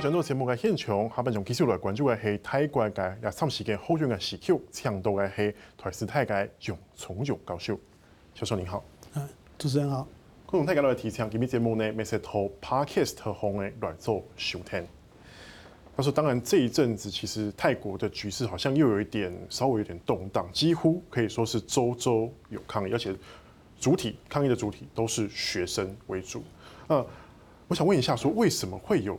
上多節目嘅現場，下半場其實我哋嚟關注嘅係、那個、泰國嘅廿、那個、三時間好長嘅時效，長到嘅係台視泰界楊聰榮教授，教授你好，主持人好。台視泰界都係提倡呢啲節目咧，咪成套 podcast form 嘅嚟做收聽。但是當然，這一陣子其實泰國嘅局勢好像又有一點，稍微有點動盪，幾乎可以說是周周有抗議，而且主體抗議嘅主體都是學生為主。我想問一下，說為什麼會有？